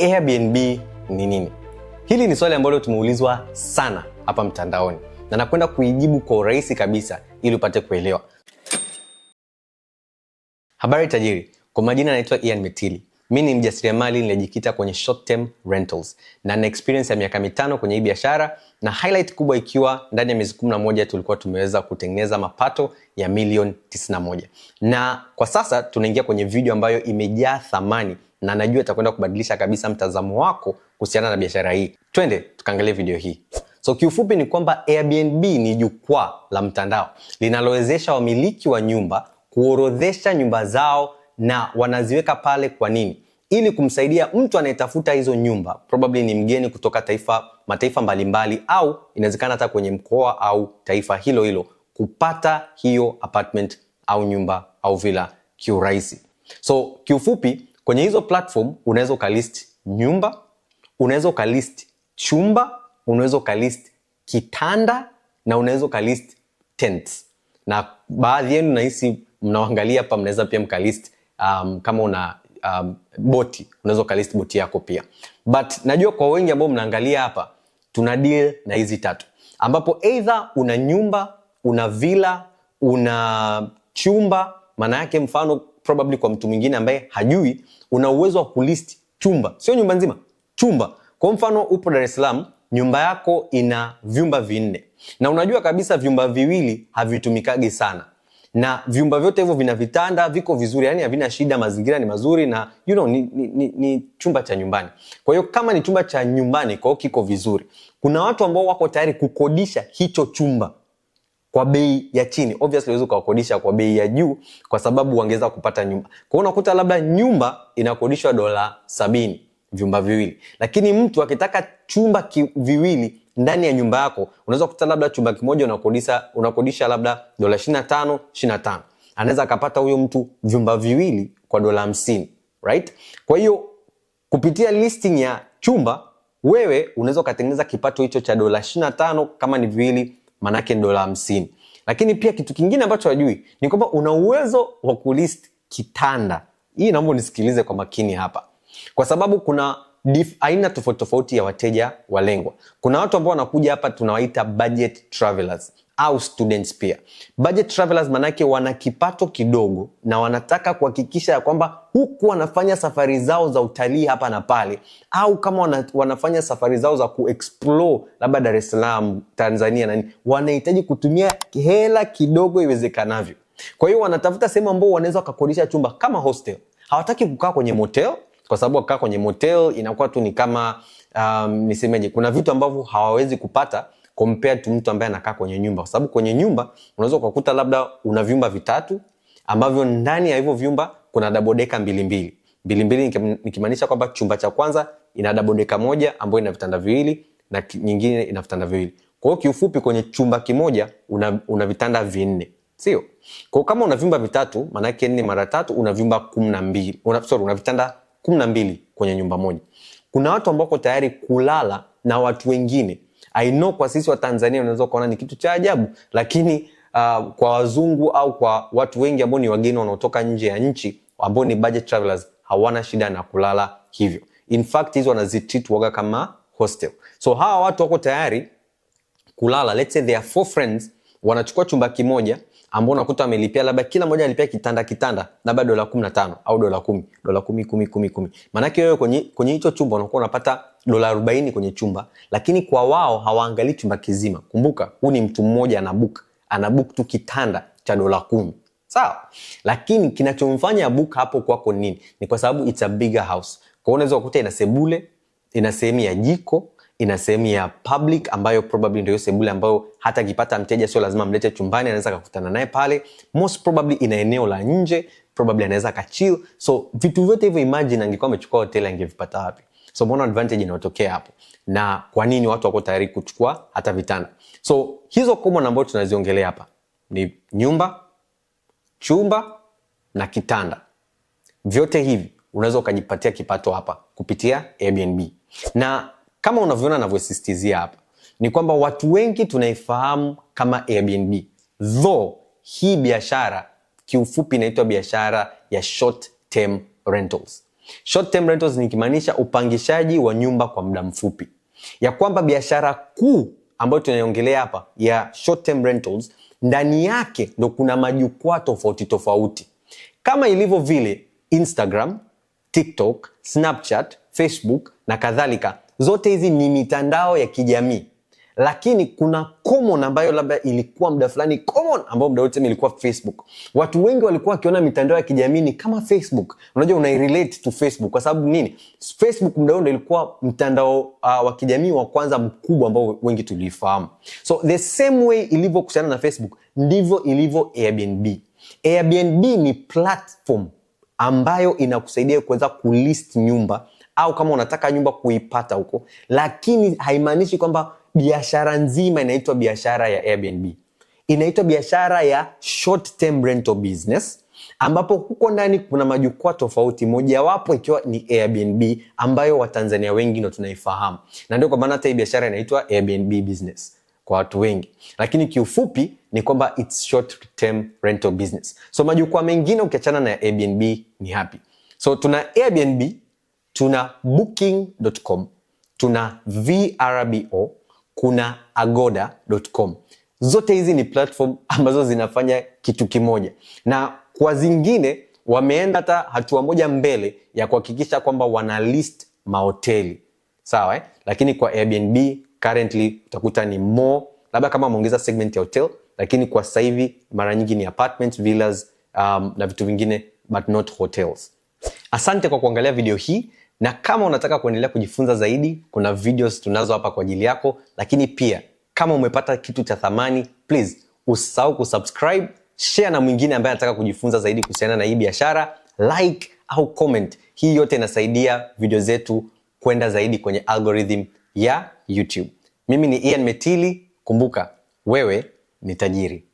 Airbnb ni nini? Hili ni swali ambalo tumeulizwa sana hapa mtandaoni na nakwenda kuijibu kwa urahisi kabisa ili upate kuelewa. Habari tajiri, kwa majina naitwa Ian Metili. Mi ni mjasiriamali niliyejikita kwenye short term rentals na na experience ya miaka mitano kwenye hii biashara, na highlight kubwa ikiwa ndani ya miezi 11 tulikuwa tumeweza kutengeneza mapato ya milioni 91, na kwa sasa tunaingia kwenye video ambayo imejaa thamani na najua itakwenda kubadilisha kabisa mtazamo wako kuhusiana na biashara hii. Twende tukaangalia video hii. So kiufupi ni kwamba Airbnb ni jukwaa la mtandao linalowezesha wamiliki wa nyumba kuorodhesha nyumba zao na wanaziweka pale. Kwa nini? Ili kumsaidia mtu anayetafuta hizo nyumba, probably ni mgeni kutoka taifa, mataifa mbalimbali mbali, au inawezekana hata kwenye mkoa au taifa hilo hilo kupata hiyo apartment au nyumba au vila kiurahisi. So kiufupi Kwenye hizo platform unaweza ukalist nyumba, unaweza ukalist chumba, unaweza ukalist kitanda na unaweza ukalist tents. Na baadhi yenu nahisi mnaangalia hapa mnaweza pia mkalist um, kama una um, boti unaweza ukalist boti yako pia, but najua kwa wengi ambao mnaangalia hapa tuna deal na hizi tatu, ambapo either una nyumba, una vila una chumba. Maana yake mfano probably kwa mtu mwingine ambaye hajui, una uwezo wa kulist chumba, sio nyumba nzima, chumba. Kwa mfano upo Dar es Salaam, nyumba yako ina vyumba vinne, na unajua kabisa vyumba viwili havitumikagi sana na vyumba vyote hivyo vina vitanda, viko vizuri, yani havina shida, mazingira ni mazuri na you know, ni, ni, ni, ni chumba cha nyumbani. Kwa hiyo kama ni chumba cha nyumbani, kwa kiko vizuri. Kuna watu ambao wako tayari kukodisha hicho chumba kwa bei ya chini. Obviously huwezi ukawakodisha kwa bei ya juu kwa sababu wangeweza kupata nyumba. Kwa hiyo unakuta labda nyumba inakodishwa dola sabini vyumba viwili, lakini mtu akitaka chumba ki, viwili ndani ya nyumba yako unaweza kukuta labda chumba kimoja unakodisha, unakodisha labda dola 25 25, anaweza akapata huyo mtu vyumba viwili kwa dola 50, right? Kwa hiyo kupitia listing ya chumba wewe unaweza ukatengeneza kipato hicho cha dola 25 kama ni viwili manake ni dola hamsini. Lakini pia kitu kingine ambacho hajui ni kwamba una uwezo wa kulist kitanda. Hii naomba unisikilize kwa makini hapa, kwa sababu kuna dif, aina tofauti tofauti ya wateja walengwa. Kuna watu ambao wanakuja hapa tunawaita budget travelers au students pia. Budget travelers manake wana kipato kidogo na wanataka kuhakikisha ya kwamba huku wanafanya safari zao za utalii hapa na pale, au kama wanafanya safari zao za kuexplore labda Dar es Salaam, Tanzania nani, wanahitaji kutumia hela kidogo iwezekanavyo. Kwa hiyo wanatafuta sehemu ambao wanaweza wakakodisha chumba kama hostel. Hawataki kukaa kwenye motel kwa sababu wakikaa kwenye motel inakuwa tu ni kama um, nisemeje, kuna vitu ambavyo hawawezi kupata compared to mtu ambaye anakaa kwenye nyumba, kwa sababu kwenye nyumba unaweza ukakuta labda una vyumba vitatu ambavyo ndani ya hivyo vyumba kuna dabodeka mbili mbili mbili mbili, nikimaanisha kwamba chumba cha kwanza ina dabodeka moja ambayo ina vitanda viwili na nyingine ina vitanda viwili. Kwa hiyo kiufupi, kwenye chumba kimoja una, una vitanda vinne, sio? Kwa kama una vyumba vitatu, maana yake nne mara tatu una vyumba kumi una, sorry, una vitanda kumi na mbili kwenye nyumba moja. Kuna watu ambao tayari kulala na watu wengine I know kwa sisi wa Tanzania unaweza kuona ni kitu cha ajabu, lakini uh, kwa wazungu au kwa watu wengi ambao ni wageni wanaotoka nje ya nchi ambao ni budget travelers hawana shida na kulala hivyo. In fact hizo wanazitreat waga kama hostel. So hawa watu wako tayari kulala, let's say they are four friends wanachukua chumba kimoja ambao unakuta wamelipia labda kila mmoja alipia kitanda kitanda labda dola kumi na tano au dola kumi dola kumi kumi kumi kumi maanake wewe kwenye kwenye hicho chumba unakuwa unapata dola arobaini kwenye chumba lakini kwa wao hawaangalii chumba kizima kumbuka huu ni mtu mmoja anabuk anabuk tu kitanda cha dola kumi sawa lakini kinachomfanya book hapo kwako nini ni kwa sababu it's a bigger house kwa unaweza kukuta ina sebule ina sehemu ya jiko ina sehemu ya public ambayo probably ndio sebule ambayo hata akipata mteja sio lazima mlete chumbani, anaweza akakutana naye pale. Most probably ina eneo la nje, probably anaweza akachill. So vitu vyote hivyo, imagine angekuwa amechukua hoteli angevipata wapi? So mbona advantage inayotokea hapo, na kwa nini watu wako tayari kuchukua hata vitanda? So hizo common ambazo tunaziongelea hapa ni nyumba, chumba na kitanda. Vyote hivi unaweza ukajipatia kipato hapa kupitia Airbnb na kama unavyoona anavyosistizia hapa ni kwamba watu wengi tunaifahamu kama Airbnb, tho hii biashara kiufupi inaitwa biashara ya short term rentals. Short term rentals nikimaanisha upangishaji wa nyumba kwa muda mfupi, ya kwamba biashara kuu ambayo tunaiongelea hapa ya short term rentals, ndani yake ndo kuna majukwaa tofauti tofauti kama ilivyo vile Instagram, TikTok, Snapchat, Facebook na kadhalika Zote hizi ni mitandao ya kijamii, lakini kuna common ambayo labda ilikuwa muda fulani common ambayo muda wote ilikuwa Facebook. Watu wengi walikuwa wakiona mitandao ya kijamii ni kama Facebook. Unajua una relate to Facebook kwa sababu nini? Facebook muda wote ilikuwa mtandao uh, wa kijamii wa kwanza mkubwa ambao wengi tulifahamu. So the same way ilivyokuhusiana na Facebook ndivyo ilivyo Airbnb. Airbnb ni platform ambayo inakusaidia kuweza kulist nyumba au kama unataka nyumba kuipata huko, lakini haimaanishi kwamba biashara nzima inaitwa biashara ya Airbnb. Inaitwa biashara ya short term rental business, ambapo huko ndani kuna majukwaa tofauti, mojawapo ikiwa ni Airbnb ambayo Watanzania wengi ndo tunaifahamu, na ndio kwa maana hata hii biashara inaitwa Airbnb business kwa watu wengi, lakini kiufupi ni kwamba it's short term rental business. So majukwaa mengine ukiachana na Airbnb ni hapi. So tuna Airbnb tuna booking.com, tuna VRBO, kuna agoda.com. Zote hizi ni platform ambazo zinafanya kitu kimoja, na kwa zingine wameenda hata hatua moja mbele ya kuhakikisha kwamba wana list mahoteli sawa, eh? Lakini kwa Airbnb currently utakuta ni more, labda kama ameongeza segment ya hotel, lakini kwa sasa hivi mara nyingi ni apartments, villas, um, na vitu vingine but not hotels. Asante kwa kuangalia video hii. Na kama unataka kuendelea kujifunza zaidi, kuna videos tunazo hapa kwa ajili yako, lakini pia kama umepata kitu cha thamani, please usisahau kusubscribe, share na mwingine ambaye anataka kujifunza zaidi kuhusiana na hii biashara, like au comment. Hii yote inasaidia video zetu kwenda zaidi kwenye algorithm ya YouTube. Mimi ni Ian Metili, kumbuka wewe ni tajiri.